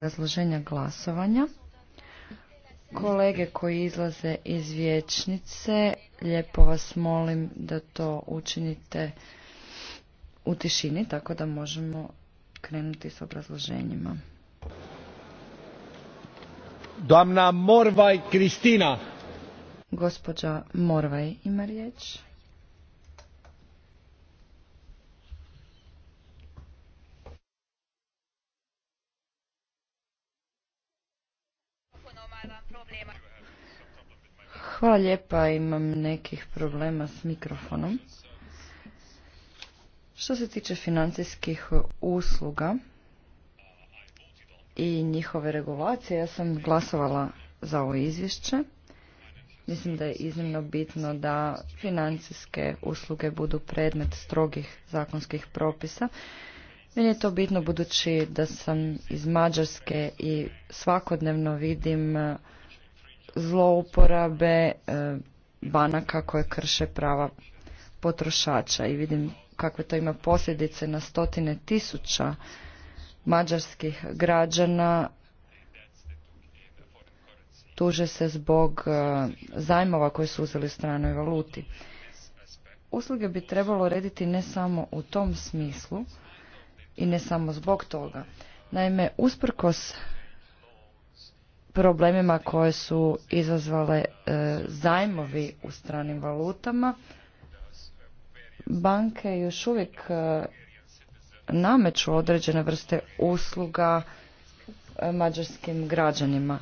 razloženja glasovanja. Kolege koji izlaze iz vječnice, lijepo vas molim da to učinite u tišini, tako da možemo krenuti s obrazloženjima. Damna Morvaj Kristina. Gospođa Morvaj ima riječ. Hvala lijepa, imam nekih problema s mikrofonom. Što se tiče financijskih usluga i njihove regulacije, ja sam glasovala za ovo izvješće. Mislim da je iznimno bitno da financijske usluge budu predmet strogih zakonskih propisa. Meni je to bitno budući da sam iz Mađarske i svakodnevno vidim zlouporabe e, banaka koje krše prava potrošača i vidim kakve to ima posljedice na stotine tisuća mađarskih građana tuže se zbog e, zajmova koje su uzeli stranoj valuti. Usluge bi trebalo rediti ne samo u tom smislu i ne samo zbog toga. Naime, usprkos problemima koje su izazvale e, zajmovi u stranim valutama. Banke još uvijek e, nameću određene vrste usluga e, mađarskim građanima.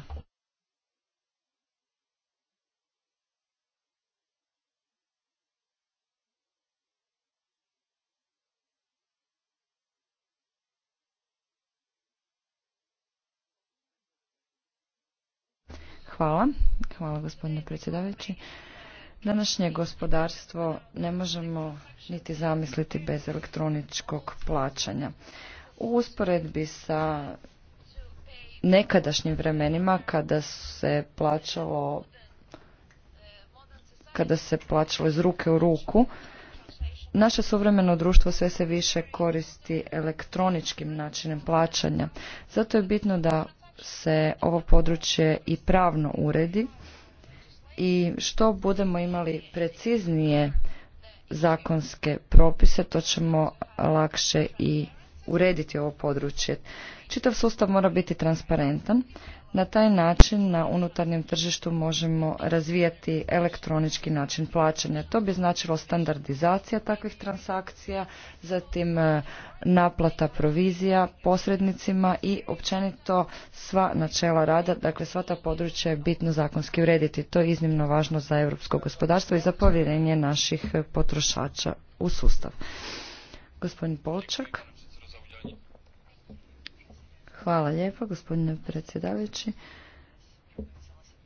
Hvala. Hvala gospodine predsjedavajući. Današnje gospodarstvo ne možemo niti zamisliti bez elektroničkog plaćanja. U usporedbi sa nekadašnjim vremenima kada se plaćalo kada se plaćalo iz ruke u ruku, naše suvremeno društvo sve se više koristi elektroničkim načinem plaćanja. Zato je bitno da se ovo područje i pravno uredi i što budemo imali preciznije zakonske propise, to ćemo lakše i urediti ovo područje. Čitav sustav mora biti transparentan, na taj način na unutarnjem tržištu možemo razvijati elektronički način plaćanja. To bi značilo standardizacija takvih transakcija, zatim e, naplata provizija posrednicima i općenito sva načela rada, dakle sva ta područja je bitno zakonski urediti. To je iznimno važno za europsko gospodarstvo i za povjerenje naših e, potrošača u sustav. Gospodin Polčak. Hvala lijepo, gospodine predsjedavajući.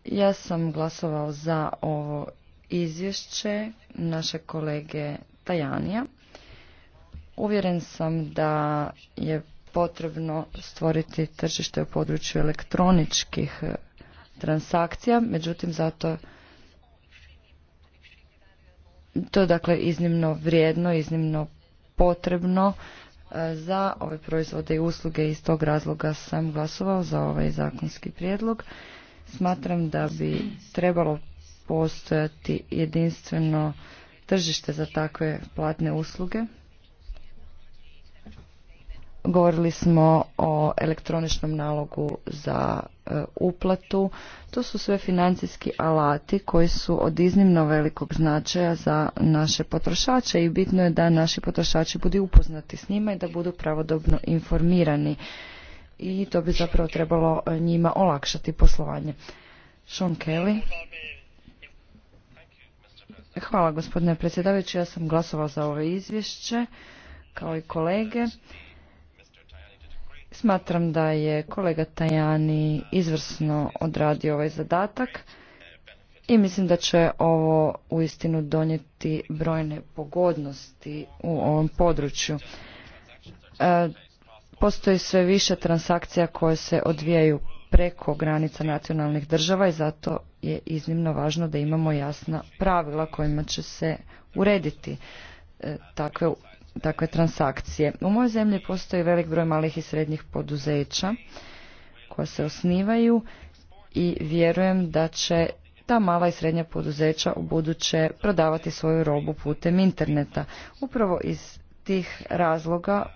Ja sam glasovao za ovo izvješće naše kolege Tajanija. Uvjeren sam da je potrebno stvoriti tržište u području elektroničkih eh, transakcija, međutim zato to je dakle iznimno vrijedno, iznimno potrebno za ove proizvode i usluge iz tog razloga sam glasovao za ovaj zakonski prijedlog. Smatram da bi trebalo postojati jedinstveno tržište za takve platne usluge Govorili smo o elektroničnom nalogu za e, uplatu. To su sve financijski alati koji su od iznimno velikog značaja za naše potrošače i bitno je da naši potrošači budu upoznati s njima i da budu pravodobno informirani. I to bi zapravo trebalo e, njima olakšati poslovanje. Sean Kelly. Hvala gospodine predsjedavajući, ja sam glasovao za ovo izvješće kao i kolege. Smatram da je kolega Tajani izvrsno odradio ovaj zadatak i mislim da će ovo uistinu donijeti brojne pogodnosti u ovom području. E, postoji sve više transakcija koje se odvijaju preko granica nacionalnih država i zato je iznimno važno da imamo jasna pravila kojima će se urediti e, takve takve transakcije. U mojoj zemlji postoji velik broj malih i srednjih poduzeća koja se osnivaju i vjerujem da će ta mala i srednja poduzeća u buduće prodavati svoju robu putem interneta. Upravo iz tih razloga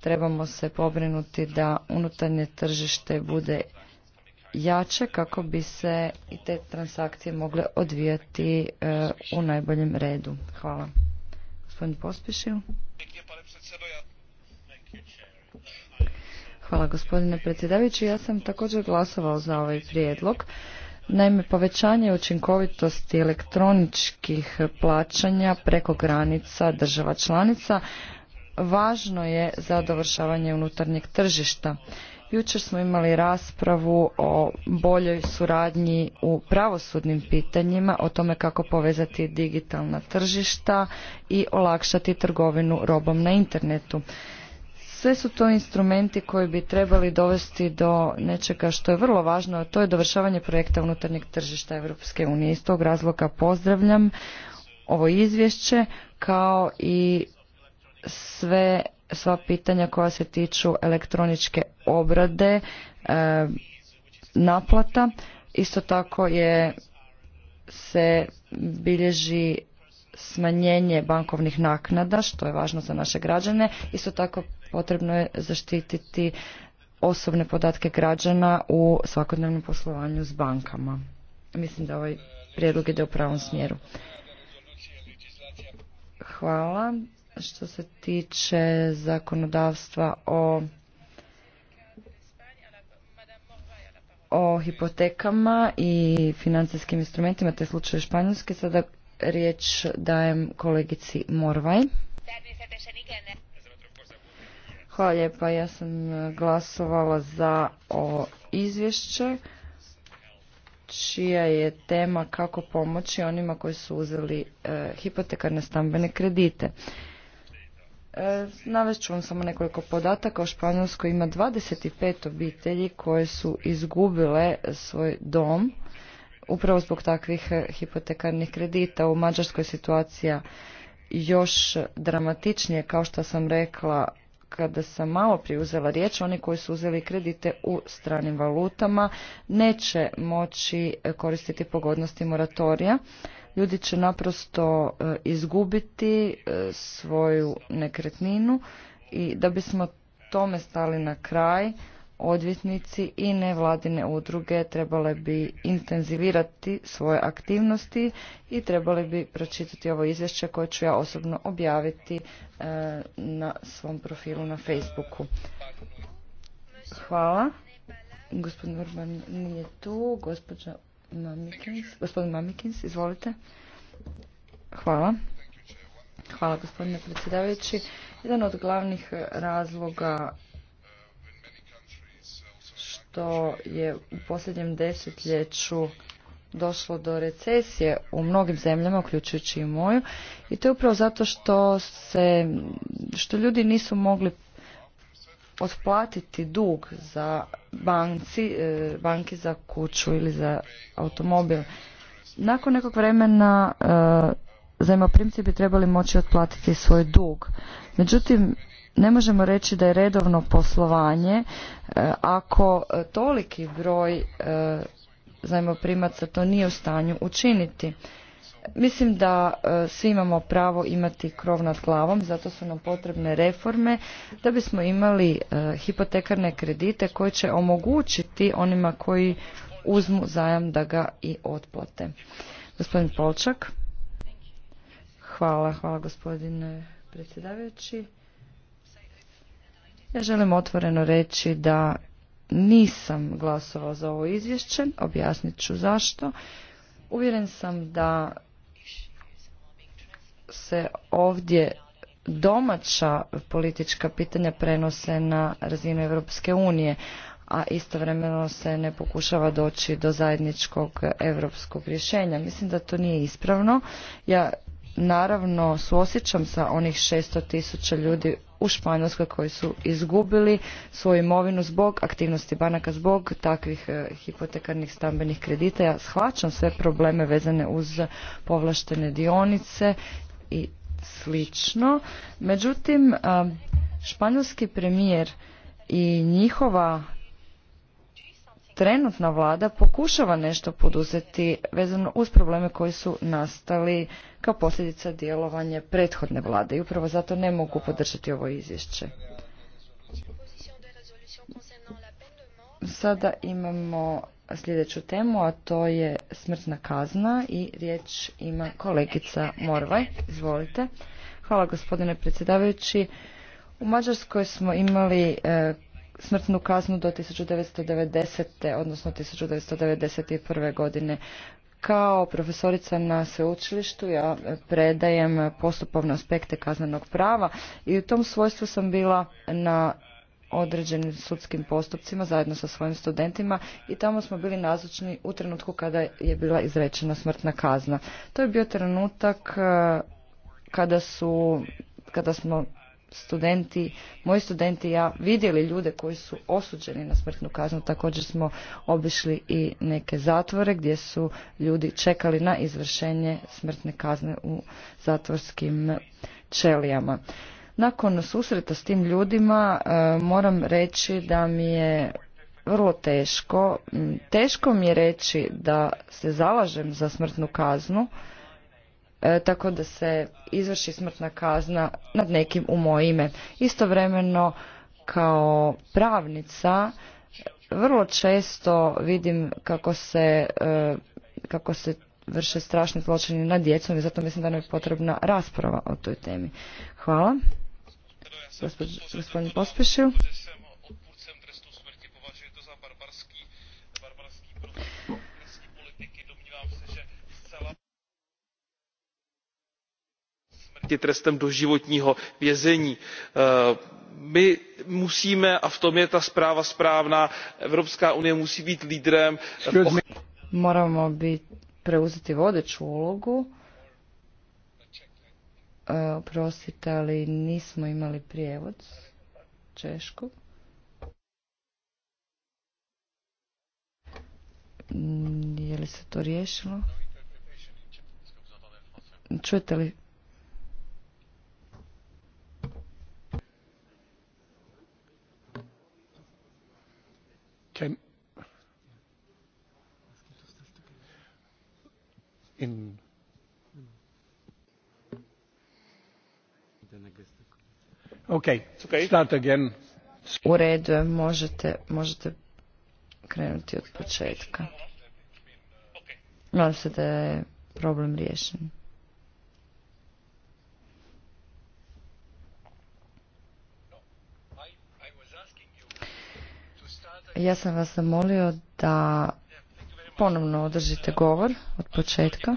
trebamo se pobrinuti da unutarnje tržište bude jače kako bi se i te transakcije mogle odvijati e, u najboljem redu. Hvala. Gospodin Hvala gospodine predsjedavajući. Ja sam također glasovao za ovaj prijedlog. Naime, povećanje učinkovitosti elektroničkih plaćanja preko granica država članica važno je za dovršavanje unutarnjeg tržišta. Jučer smo imali raspravu o boljoj suradnji u pravosudnim pitanjima, o tome kako povezati digitalna tržišta i olakšati trgovinu robom na internetu. Sve su to instrumenti koji bi trebali dovesti do nečega što je vrlo važno, a to je dovršavanje projekta unutarnjeg tržišta Europske unije. Iz tog razloga pozdravljam ovo izvješće kao i sve sva pitanja koja se tiču elektroničke obrade, e, naplata. Isto tako je se bilježi smanjenje bankovnih naknada, što je važno za naše građane. Isto tako potrebno je zaštititi osobne podatke građana u svakodnevnom poslovanju s bankama. Mislim da ovaj prijedlog ide u pravom smjeru. Hvala što se tiče zakonodavstva o o hipotekama i financijskim instrumentima te slučaju Španjolske. Sada riječ dajem kolegici Morvaj. Hvala lijepa, ja sam glasovala za o izvješće čija je tema kako pomoći onima koji su uzeli eh, hipotekarne stambene kredite. E, navest ću vam samo nekoliko podataka. U Španjolskoj ima 25 obitelji koje su izgubile svoj dom upravo zbog takvih e, hipotekarnih kredita. U Mađarskoj situacija još dramatičnije, kao što sam rekla, kada sam malo priuzela riječ, oni koji su uzeli kredite u stranim valutama neće moći e, koristiti pogodnosti moratorija ljudi će naprosto e, izgubiti e, svoju nekretninu i da bismo tome stali na kraj, odvjetnici i nevladine udruge trebale bi intenzivirati svoje aktivnosti i trebali bi pročitati ovo izvješće koje ću ja osobno objaviti e, na svom profilu na Facebooku. Hvala. Gospodin Urban nije tu, gospođa Mamikins. Gospodin Mamikins, izvolite. Hvala. Hvala gospodine predsjedavajući. Jedan od glavnih razloga što je u posljednjem desetljeću došlo do recesije u mnogim zemljama, uključujući i moju, i to je upravo zato što se, što ljudi nisu mogli otplatiti dug za banci, e, banki za kuću ili za automobil. Nakon nekog vremena e, zajmoprimci bi trebali moći otplatiti svoj dug. Međutim, ne možemo reći da je redovno poslovanje e, ako toliki broj zajmoprimaca to nije u stanju učiniti. Mislim da e, svi imamo pravo imati krov nad glavom, zato su nam potrebne reforme da bismo imali e, hipotekarne kredite koje će omogućiti onima koji uzmu zajam da ga i otplate. Gospodin Polčak. Hvala, hvala gospodine predsjedavajući. Ja želim otvoreno reći da nisam glasovao za ovo izvješće, objasnit ću zašto. Uvjeren sam da se ovdje domaća politička pitanja prenose na razinu Europske unije, a istovremeno se ne pokušava doći do zajedničkog europskog rješenja. Mislim da to nije ispravno. Ja naravno suosjećam sa onih 600 tisuća ljudi u Španjolskoj koji su izgubili svoju imovinu zbog aktivnosti banaka, zbog takvih e, hipotekarnih stambenih kredita. Ja shvaćam sve probleme vezane uz povlaštene dionice i slično. Međutim, španjolski premijer i njihova trenutna vlada pokušava nešto poduzeti vezano uz probleme koji su nastali kao posljedica djelovanja prethodne vlade i upravo zato ne mogu podržati ovo izvješće. Sada imamo sljedeću temu, a to je smrtna kazna i riječ ima kolegica Morvaj. Izvolite. Hvala gospodine predsjedavajući. U Mađarskoj smo imali e, smrtnu kaznu do 1990. odnosno 1991. godine. Kao profesorica na sveučilištu ja predajem postupovne aspekte kaznenog prava i u tom svojstvu sam bila na određenim sudskim postupcima zajedno sa svojim studentima i tamo smo bili nazočni u trenutku kada je bila izrečena smrtna kazna. To je bio trenutak e, kada su, kada smo studenti, moji studenti i ja vidjeli ljude koji su osuđeni na smrtnu kaznu. Također smo obišli i neke zatvore gdje su ljudi čekali na izvršenje smrtne kazne u zatvorskim čelijama. Nakon susreta s tim ljudima e, moram reći da mi je vrlo teško. Mm, teško mi je reći da se zalažem za smrtnu kaznu, e, tako da se izvrši smrtna kazna nad nekim u moje ime. Istovremeno kao pravnica vrlo često vidim kako se, e, kako se vrše strašni zločini nad djecom i zato mislim da nam je potrebna rasprava o toj temi. Hvala gospodin Pospešil. smrti trestem doživotního vězení. Eh, my musíme a v tom je ta zpráva správná evropská unie musí být lídrem moramo preuzeti vodeću úlogu. E, oprostite, ali nismo imali prijevod češku. Je li se to riješilo? Čujete li U redu je, možete, možete krenuti od početka. Nadam se da je problem riješen. Ja sam vas zamolio da ponovno održite govor od početka.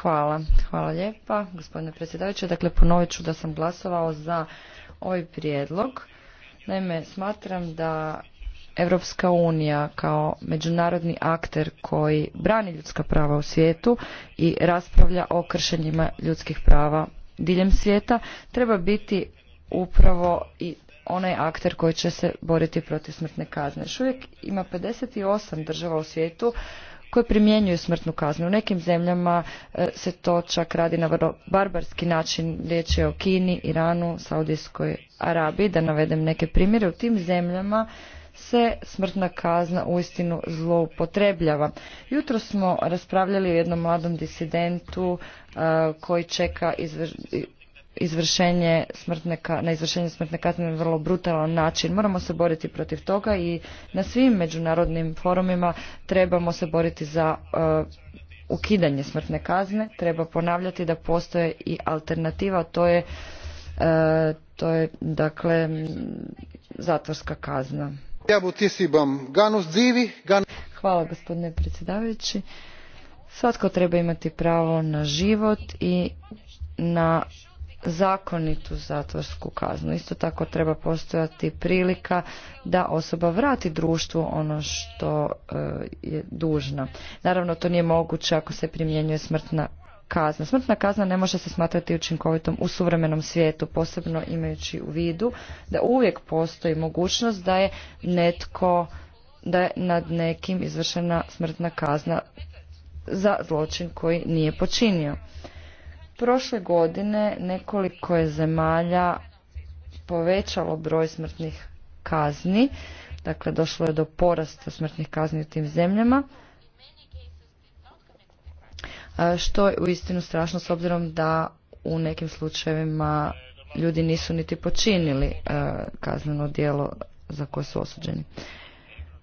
Hvala. Hvala lijepa, gospodine predsjedavajući. Dakle, ponovit ću da sam glasovao za ovaj prijedlog. Naime, smatram da Europska unija kao međunarodni akter koji brani ljudska prava u svijetu i raspravlja o kršenjima ljudskih prava diljem svijeta treba biti upravo i onaj akter koji će se boriti protiv smrtne kazne. Još uvijek ima 58 država u svijetu koji primjenjuju smrtnu kaznu. U nekim zemljama e, se to čak radi na vrlo barbarski način. Riječ je o Kini, Iranu, Saudijskoj Arabiji, da navedem neke primjere. U tim zemljama se smrtna kazna uistinu zloupotrebljava. Jutro smo raspravljali o jednom mladom disidentu e, koji čeka izvrš izvršenje smrtne, na izvršenje smrtne kazne na vrlo brutalan način. Moramo se boriti protiv toga i na svim međunarodnim forumima trebamo se boriti za uh, ukidanje smrtne kazne. Treba ponavljati da postoje i alternativa, to je, uh, to je dakle zatvorska kazna. Hvala gospodine predsjedavajući. Svatko treba imati pravo na život i na zakonitu zatvorsku kaznu. Isto tako treba postojati prilika da osoba vrati društvu ono što e, je dužna. Naravno, to nije moguće ako se primjenjuje smrtna kazna. Smrtna kazna ne može se smatrati učinkovitom u suvremenom svijetu, posebno imajući u vidu da uvijek postoji mogućnost da je netko, da je nad nekim izvršena smrtna kazna za zločin koji nije počinio. Prošle godine nekoliko je zemalja povećalo broj smrtnih kazni, dakle došlo je do porasta smrtnih kazni u tim zemljama, što je uistinu strašno s obzirom da u nekim slučajevima ljudi nisu niti počinili e, kazneno djelo za koje su osuđeni.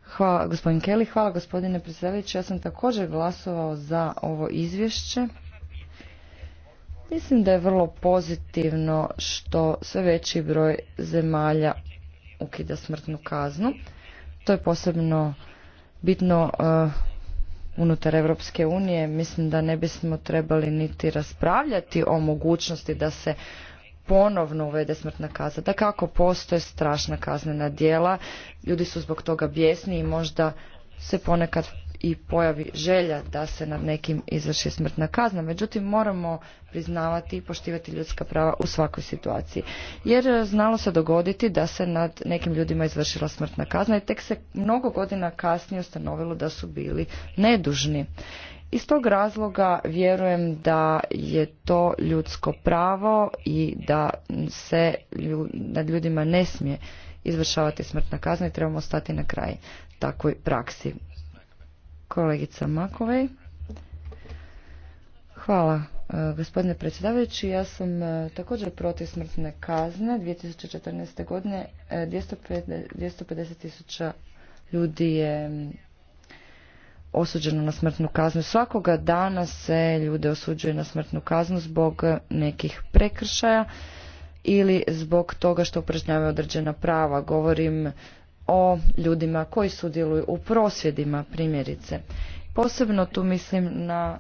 Hvala gospodin Kelly, hvala gospodine predsjedavajući. Ja sam također glasovao za ovo izvješće Mislim da je vrlo pozitivno što sve veći broj zemalja ukida smrtnu kaznu. To je posebno bitno e, unutar Europske unije. Mislim da ne bismo trebali niti raspravljati o mogućnosti da se ponovno uvede smrtna kazna. Da kako postoje strašna kaznena djela, ljudi su zbog toga bijesni i možda se ponekad i pojavi želja da se nad nekim izvrši smrtna kazna. Međutim, moramo priznavati i poštivati ljudska prava u svakoj situaciji. Jer e, znalo se dogoditi da se nad nekim ljudima izvršila smrtna kazna i tek se mnogo godina kasnije ustanovilo da su bili nedužni. Iz tog razloga vjerujem da je to ljudsko pravo i da se nad ljudima ne smije izvršavati smrtna kazna i trebamo stati na kraj takvoj praksi. Kolegica Makovej. Hvala e, gospodine predsjedavajući. Ja sam e, također protiv smrtne kazne. 2014. godine 250 e, tisuća ljudi je osuđeno na smrtnu kaznu. Svakoga dana se ljude osuđuje na smrtnu kaznu zbog nekih prekršaja ili zbog toga što upražnjavaju određena prava. Govorim o ljudima koji sudjeluju u prosvjedima primjerice. Posebno tu mislim na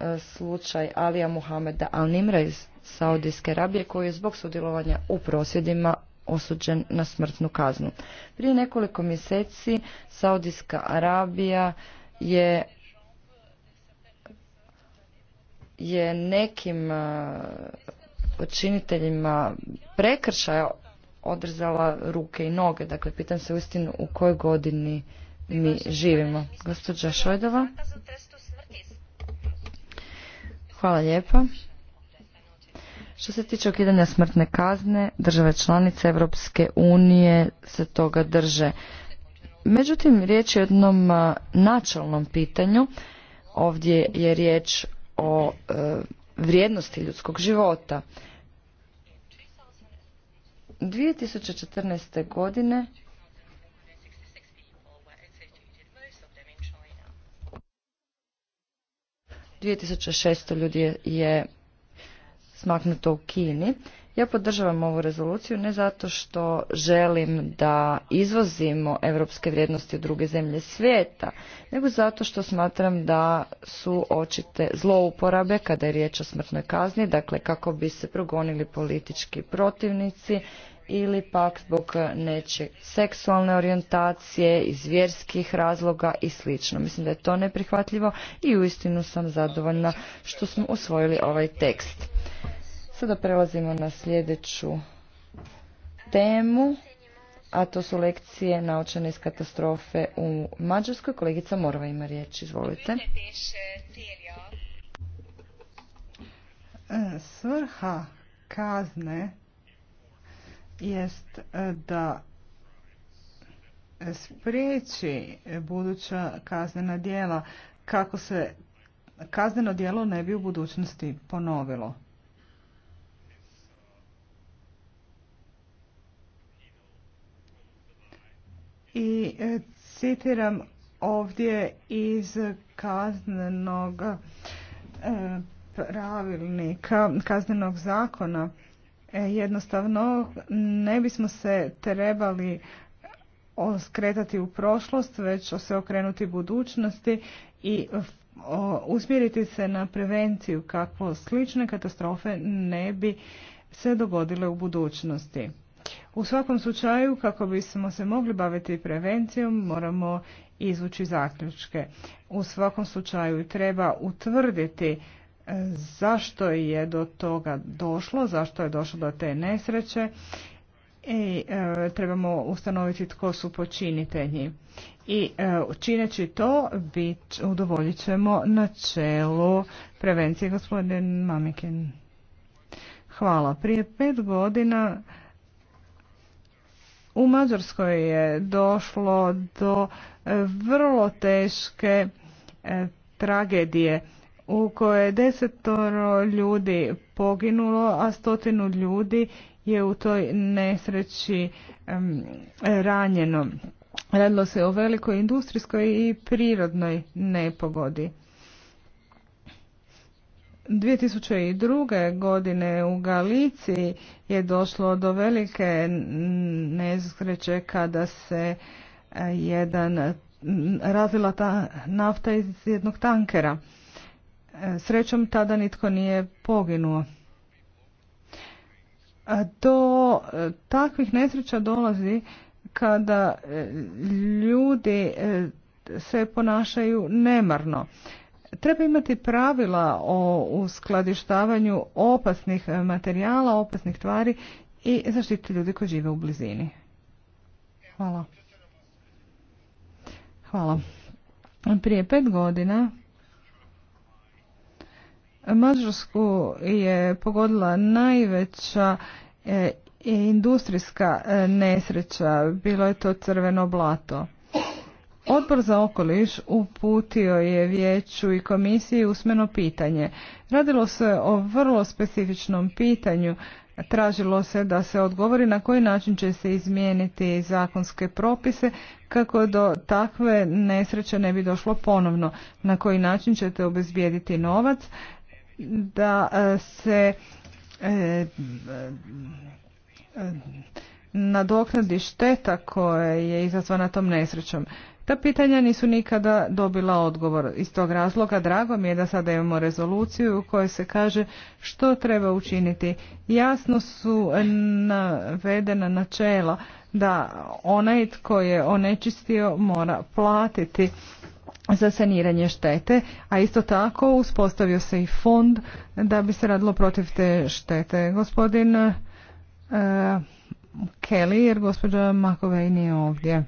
e, slučaj Alija Muhameda Al-Nimra iz Saudijske Arabije koji je zbog sudjelovanja u prosvjedima osuđen na smrtnu kaznu. Prije nekoliko mjeseci Saudijska Arabija je je nekim e, počiniteljima prekršaja odrzala ruke i noge. Dakle, pitam se uistinu u kojoj godini mi živimo. Gospođa Šojdova. Hvala lijepa. Što se tiče ukidanja smrtne kazne, države članice Europske unije se toga drže. Međutim, riječ je o jednom načalnom pitanju. Ovdje je riječ o e, vrijednosti ljudskog života. 2014. godine dvije ljudi je smaknuto u Kini. Ja podržavam ovu rezoluciju ne zato što želim da izvozimo europske vrijednosti u druge zemlje svijeta, nego zato što smatram da su očite zlouporabe kada je riječ o smrtnoj kazni, dakle kako bi se progonili politički protivnici, ili pak zbog nečeg seksualne orijentacije, iz vjerskih razloga i slično. Mislim da je to neprihvatljivo i uistinu sam zadovoljna što smo usvojili ovaj tekst. Sada prelazimo na sljedeću temu, a to su lekcije naučene iz katastrofe u Mađarskoj. Kolegica Morva ima riječ, izvolite. Svrha kazne jest e, da spriječi buduća kaznena djela kako se kazneno djelo ne bi u budućnosti ponovilo. I e, citiram ovdje iz kaznenog e, pravilnika, kaznenog zakona E, jednostavno ne bismo se trebali skretati u prošlost, već se okrenuti budućnosti i usmjeriti se na prevenciju kako slične katastrofe ne bi se dogodile u budućnosti. U svakom slučaju, kako bismo se mogli baviti prevencijom, moramo izvući zaključke. U svakom slučaju treba utvrditi zašto je do toga došlo, zašto je došlo do te nesreće i e, trebamo ustanoviti tko su počinitelji. I e, čineći to bit, udovoljit ćemo načelu prevencije gospodin Mamikin. Hvala. Prije pet godina u Mađarskoj je došlo do e, vrlo teške e, tragedije u kojoj je desetoro ljudi poginulo, a stotinu ljudi je u toj nesreći ranjeno. Radilo se o velikoj industrijskoj i prirodnoj nepogodi. 2002. godine u Galiciji je došlo do velike nesreće kada se eh, jedan razvila ta nafta iz jednog tankera. Srećom tada nitko nije poginuo. Do e, takvih nesreća dolazi kada e, ljudi e, se ponašaju nemarno. Treba imati pravila o uskladištavanju opasnih materijala, opasnih tvari i zaštiti ljudi koji žive u blizini. Hvala. Hvala. Prije pet godina Mađarsku je pogodila najveća e, industrijska e, nesreća, bilo je to crveno blato. Odbor za okoliš uputio je vijeću i komisiji usmeno pitanje. Radilo se o vrlo specifičnom pitanju. Tražilo se da se odgovori na koji način će se izmijeniti zakonske propise kako do takve nesreće ne bi došlo ponovno, na koji način ćete obezbijediti novac da e, se e, e, nadoknadi šteta koja je izazvana tom nesrećom. Ta pitanja nisu nikada dobila odgovor. Iz tog razloga drago mi je da sada imamo rezoluciju u kojoj se kaže što treba učiniti. Jasno su navedena načela da onaj tko je onečistio mora platiti za saniranje štete, a isto tako uspostavio se i fond da bi se radilo protiv te štete. Gospodin eh, Kelly, jer gospođa Makovej nije ovdje.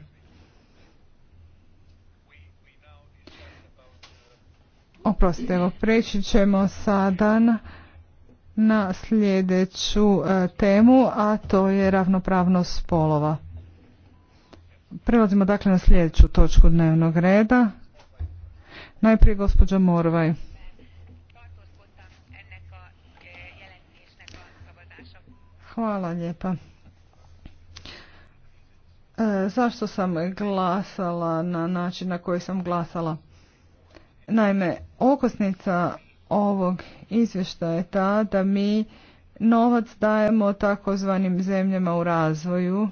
Oprostite, evo, preći ćemo sada na sljedeću eh, temu, a to je ravnopravnost spolova. Prelazimo dakle na sljedeću točku dnevnog reda. Najprije gospođa Morvaj. Hvala lijepa. E, zašto sam glasala na način na koji sam glasala? Naime, okosnica ovog izvještaja je ta da mi novac dajemo takozvanim zemljama u razvoju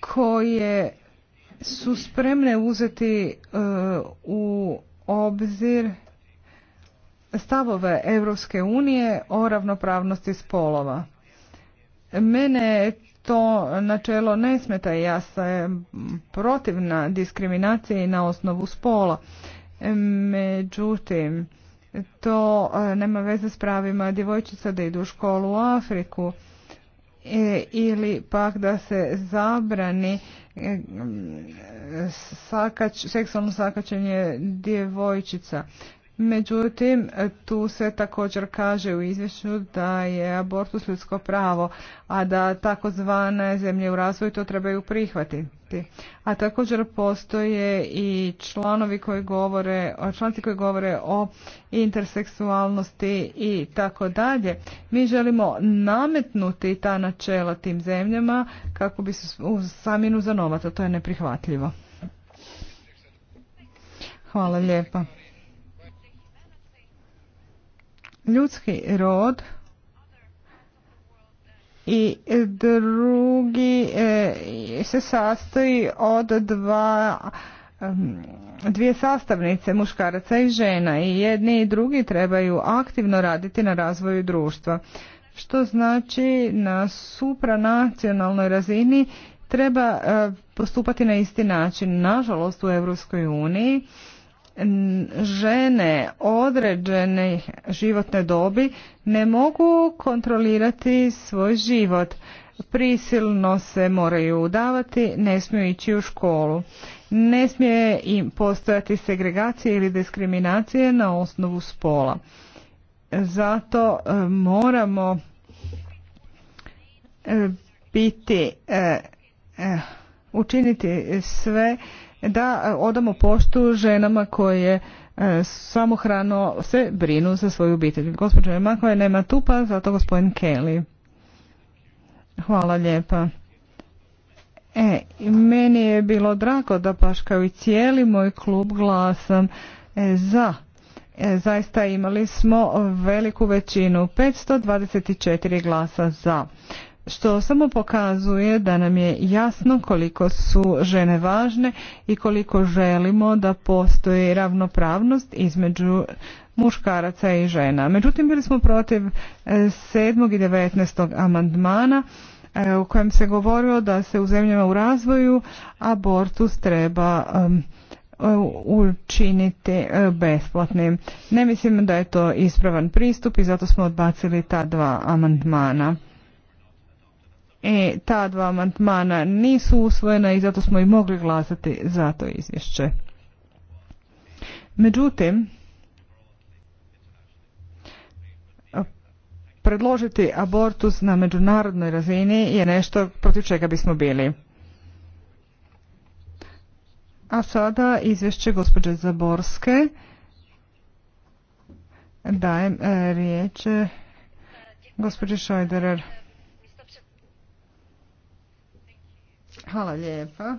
koje su spremne uzeti e, u obzir stavove Europske unije o ravnopravnosti spolova. Mene to načelo ne smeta i ja sam protivna diskriminaciji na osnovu spola. Međutim, to e, nema veze s pravima djevojčica da idu u školu u Afriku E, ili pak da se zabrani e, sakač, seksualno sakačenje djevojčica. Međutim, tu se također kaže u izvješću da je abortus ljudsko pravo, a da takozvane zemlje u razvoju to trebaju prihvatiti. A također postoje i članovi koji govore, članci koji govore o interseksualnosti i tako dalje. Mi želimo nametnuti ta načela tim zemljama kako bi se saminu za to je neprihvatljivo. Hvala lijepa ljudski rod i drugi e, se sastoji od dva dvije sastavnice muškaraca i žena i jedni i drugi trebaju aktivno raditi na razvoju društva što znači na supranacionalnoj razini treba e, postupati na isti način nažalost u Europskoj uniji žene određene životne dobi ne mogu kontrolirati svoj život. Prisilno se moraju udavati, ne smiju ići u školu. Ne smije im postojati segregacija ili diskriminacije na osnovu spola. Zato e, moramo e, biti e, učiniti sve da e, odamo poštu ženama koje e, samohrano se brinu za svoju obitelj. Gospođa je nema tu, pa zato gospodin Kelly. Hvala lijepa. E, meni je bilo drago da baš kao i cijeli moj klub glasam e, za. zaista imali smo veliku većinu, 524 glasa za što samo pokazuje da nam je jasno koliko su žene važne i koliko želimo da postoji ravnopravnost između muškaraca i žena. Međutim, bili smo protiv 7. E, i 19. amandmana e, u kojem se govorilo da se u zemljama u razvoju abortus treba e, učiniti besplatnim. Ne mislim da je to ispravan pristup i zato smo odbacili ta dva amandmana. E, ta dva amandmana nisu usvojena i zato smo i mogli glasati za to izvješće. Međutim, predložiti abortus na međunarodnoj razini je nešto protiv čega bismo bili. A sada izvješće gospođe Zaborske. Dajem e, riječ e, gospođe Šajderer. Hvala lijepa. E,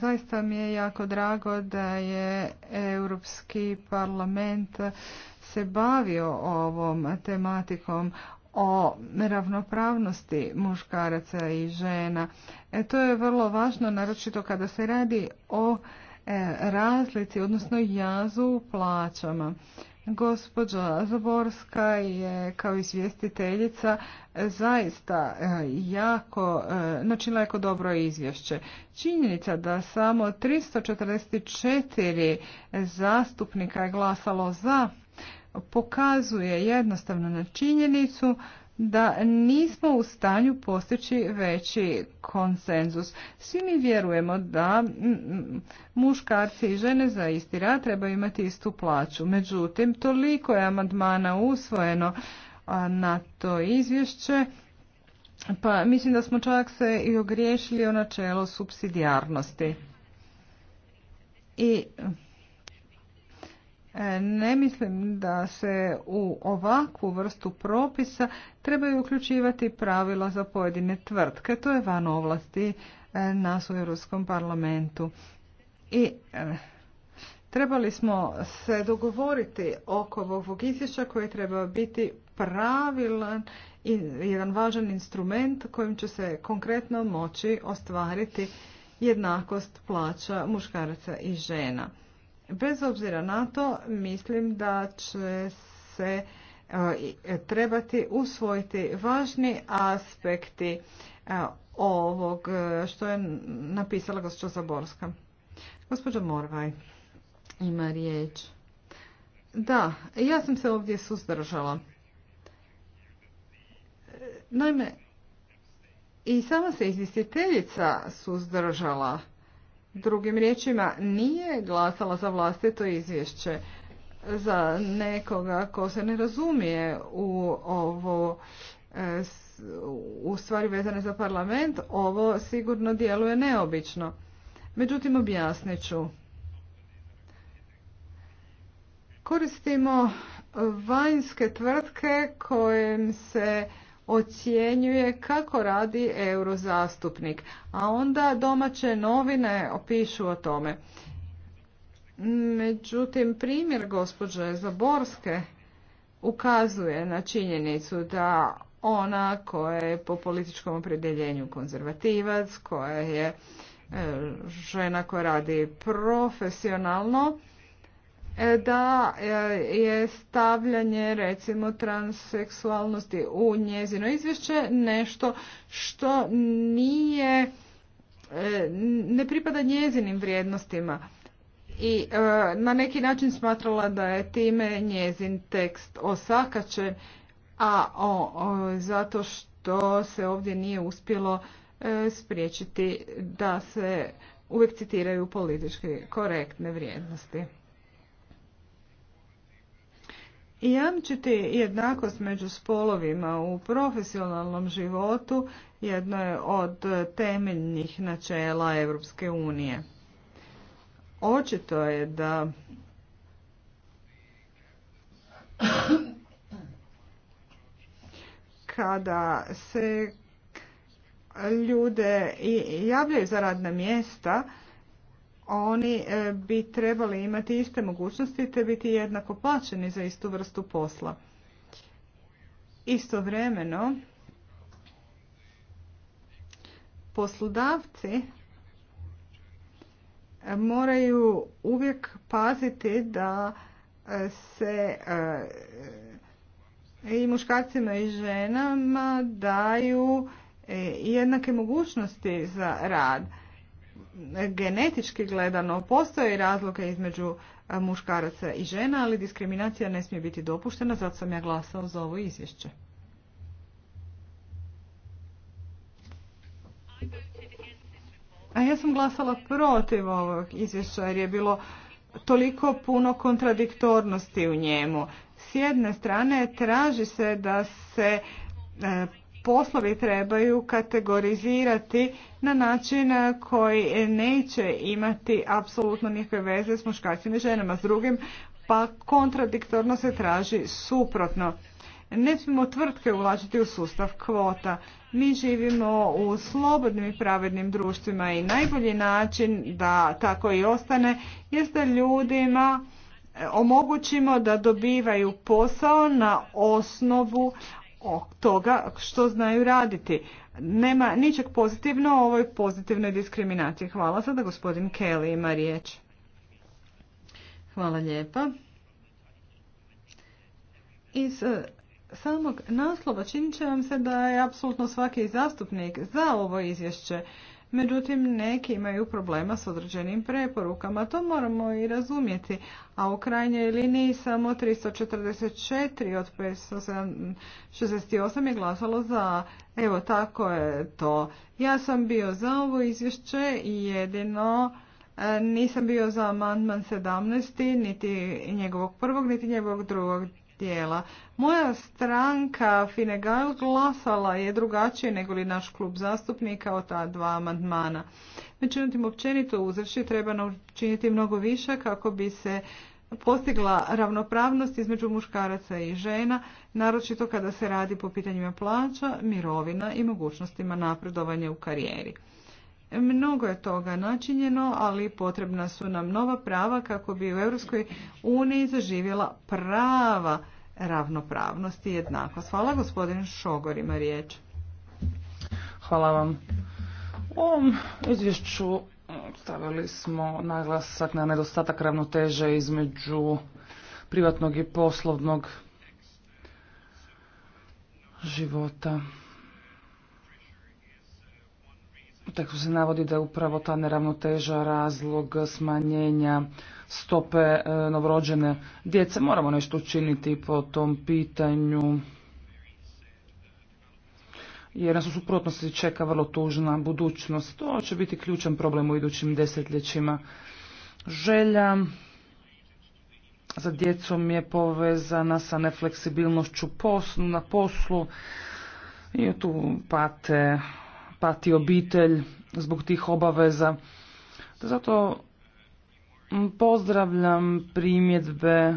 zaista mi je jako drago da je Europski parlament se bavio ovom tematikom o ravnopravnosti muškaraca i žena. E, to je vrlo važno, naročito kada se radi o e, razlici, odnosno jazu u plaćama. Gospođa Zaborska je kao izvjestiteljica zaista e, jako e, načinila jako dobro izvješće. Činjenica da samo 344 zastupnika je glasalo za pokazuje jednostavno na činjenicu da nismo u stanju postići veći konsenzus. Svi mi vjerujemo da muškarci i žene za isti rad trebaju imati istu plaću. Međutim, toliko je amandmana usvojeno na to izvješće, pa mislim da smo čak se i ogriješili o načelo subsidijarnosti. I E, ne mislim da se u ovakvu vrstu propisa trebaju uključivati pravila za pojedine tvrtke. To je van ovlasti e, nas u Europskom parlamentu. I e, trebali smo se dogovoriti oko ovog izvješća koji treba biti pravilan i jedan važan instrument kojim će se konkretno moći ostvariti jednakost plaća muškaraca i žena. Bez obzira na to, mislim da će se e, trebati usvojiti važni aspekti e, ovog e, što je napisala gospođa Zaborska. Gospođa Morvaj ima riječ. Da, ja sam se ovdje suzdržala. Naime, i sama se izvjestiteljica suzdržala. Drugim riječima, nije glasala za vlastito izvješće za nekoga ko se ne razumije u ovo e, u stvari vezane za parlament, ovo sigurno djeluje neobično. Međutim, objasnit ću. Koristimo vanjske tvrtke kojim se ocjenjuje kako radi eurozastupnik, a onda domaće novine opišu o tome. Međutim, primjer gospođe Zaborske ukazuje na činjenicu da ona koja je po političkom opredjeljenju konzervativac, koja je e, žena koja radi profesionalno, da e, je stavljanje recimo transseksualnosti u njezino izvješće nešto što nije e, ne pripada njezinim vrijednostima i e, na neki način smatrala da je time njezin tekst osakačen a o, zato što se ovdje nije uspjelo spriječiti da se uvijek citiraju politički korektne vrijednosti. Jamčiti jednakost među spolovima u profesionalnom životu jedno je od temeljnih načela Europske unije. Očito je da kada se ljude javljaju za radna mjesta, oni e, bi trebali imati iste mogućnosti te biti jednako plaćeni za istu vrstu posla. Istovremeno, poslodavci e, moraju uvijek paziti da e, se i muškarcima i ženama daju jednake mogućnosti za rad genetički gledano postoje razloge između e, muškaraca i žena, ali diskriminacija ne smije biti dopuštena, zato sam ja glasao za ovo izvješće. A ja sam glasala protiv ovog izvješća jer je bilo toliko puno kontradiktornosti u njemu. S jedne strane traži se da se e, poslovi trebaju kategorizirati na način koji neće imati apsolutno nikakve veze s muškarcima i ženama. S drugim, pa kontradiktorno se traži suprotno. Ne smijemo tvrtke ulažiti u sustav kvota. Mi živimo u slobodnim i pravednim društvima i najbolji način da tako i ostane jest da ljudima omogućimo da dobivaju posao na osnovu toga što znaju raditi. Nema ničeg pozitivno o ovoj pozitivnoj diskriminaciji. Hvala sada gospodin Kelly ima riječ. Hvala lijepa. Iz e, samog naslova činit će vam se da je apsolutno svaki zastupnik za ovo izvješće međutim neki imaju problema s određenim preporukama. To moramo i razumjeti, a u krajnjoj liniji samo 344 od 568 je glasalo za. Evo tako je to. Ja sam bio za ovo izvješće i jedino e, nisam bio za amandman 17. niti njegovog prvog, niti njegovog drugog htjela. Moja stranka Fine glasala je drugačije nego li naš klub zastupnika o ta dva amandmana. Međutim, općenito uzreši treba učiniti mnogo više kako bi se postigla ravnopravnost između muškaraca i žena, naročito kada se radi po pitanjima plaća, mirovina i mogućnostima napredovanja u karijeri. Mnogo je toga načinjeno, ali potrebna su nam nova prava kako bi u Europskoj uniji zaživjela prava ravnopravnost i jednakost. Hvala gospodin Šogor ima riječ. Hvala vam. U ovom izvješću stavili smo naglasak na nedostatak ravnoteže između privatnog i poslovnog života. Tako se navodi da je upravo ta neravnoteža razlog smanjenja stope e, novorođene djece. Moramo nešto učiniti po tom pitanju. Jer nas u suprotnosti čeka vrlo tužna budućnost. To će biti ključan problem u idućim desetljećima. Želja za djecom je povezana sa nefleksibilnošću na poslu i tu pate pati obitelj zbog tih obaveza. Zato pozdravljam primjedbe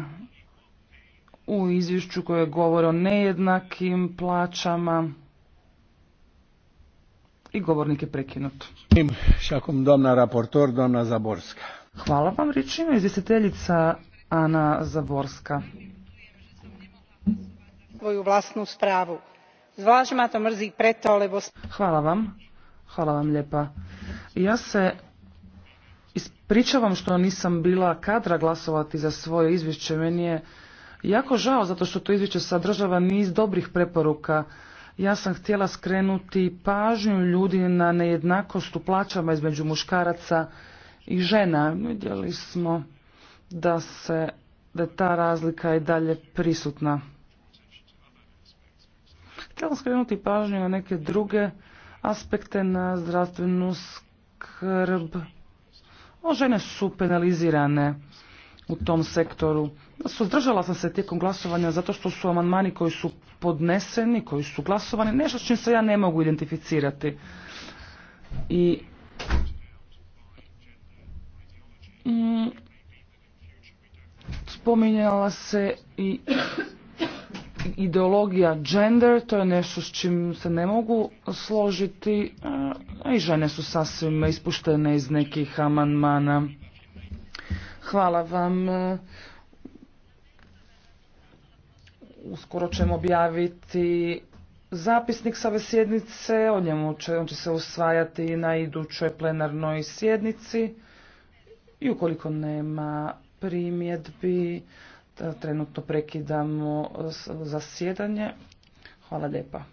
u izvješću koje govore o nejednakim plaćama i govornik je prekinut. Šakom domna raportor, domna Zaborska. Hvala vam, ričima izvjestiteljica Ana Zaborska. Svoju vlastnu spravu Hvala vam. Hvala vam lijepa. Ja se ispričavam što nisam bila kadra glasovati za svoje izvješće. Meni je jako žao zato što to izvješće sadržava niz dobrih preporuka. Ja sam htjela skrenuti pažnju ljudi na nejednakost u plaćama između muškaraca i žena. Vidjeli smo da se da je ta razlika i dalje prisutna. Trebamo skrenuti pažnju na neke druge aspekte na zdravstvenu skrb. O, žene su penalizirane u tom sektoru. Suzdržala sam se tijekom glasovanja zato što su amandmani koji su podneseni, koji su glasovani, nešto s čim se ja ne mogu identificirati. I mm, spominjala se i ideologija gender, to je nešto s čim se ne mogu složiti, a i žene su sasvim ispuštene iz nekih amandmana. Hvala vam. Uskoro ćemo objaviti zapisnik sa ove sjednice, o njemu će, on će se usvajati na idućoj plenarnoj sjednici i ukoliko nema primjedbi, Trenutno prekidamo zasjedanje. Hvala lijepa.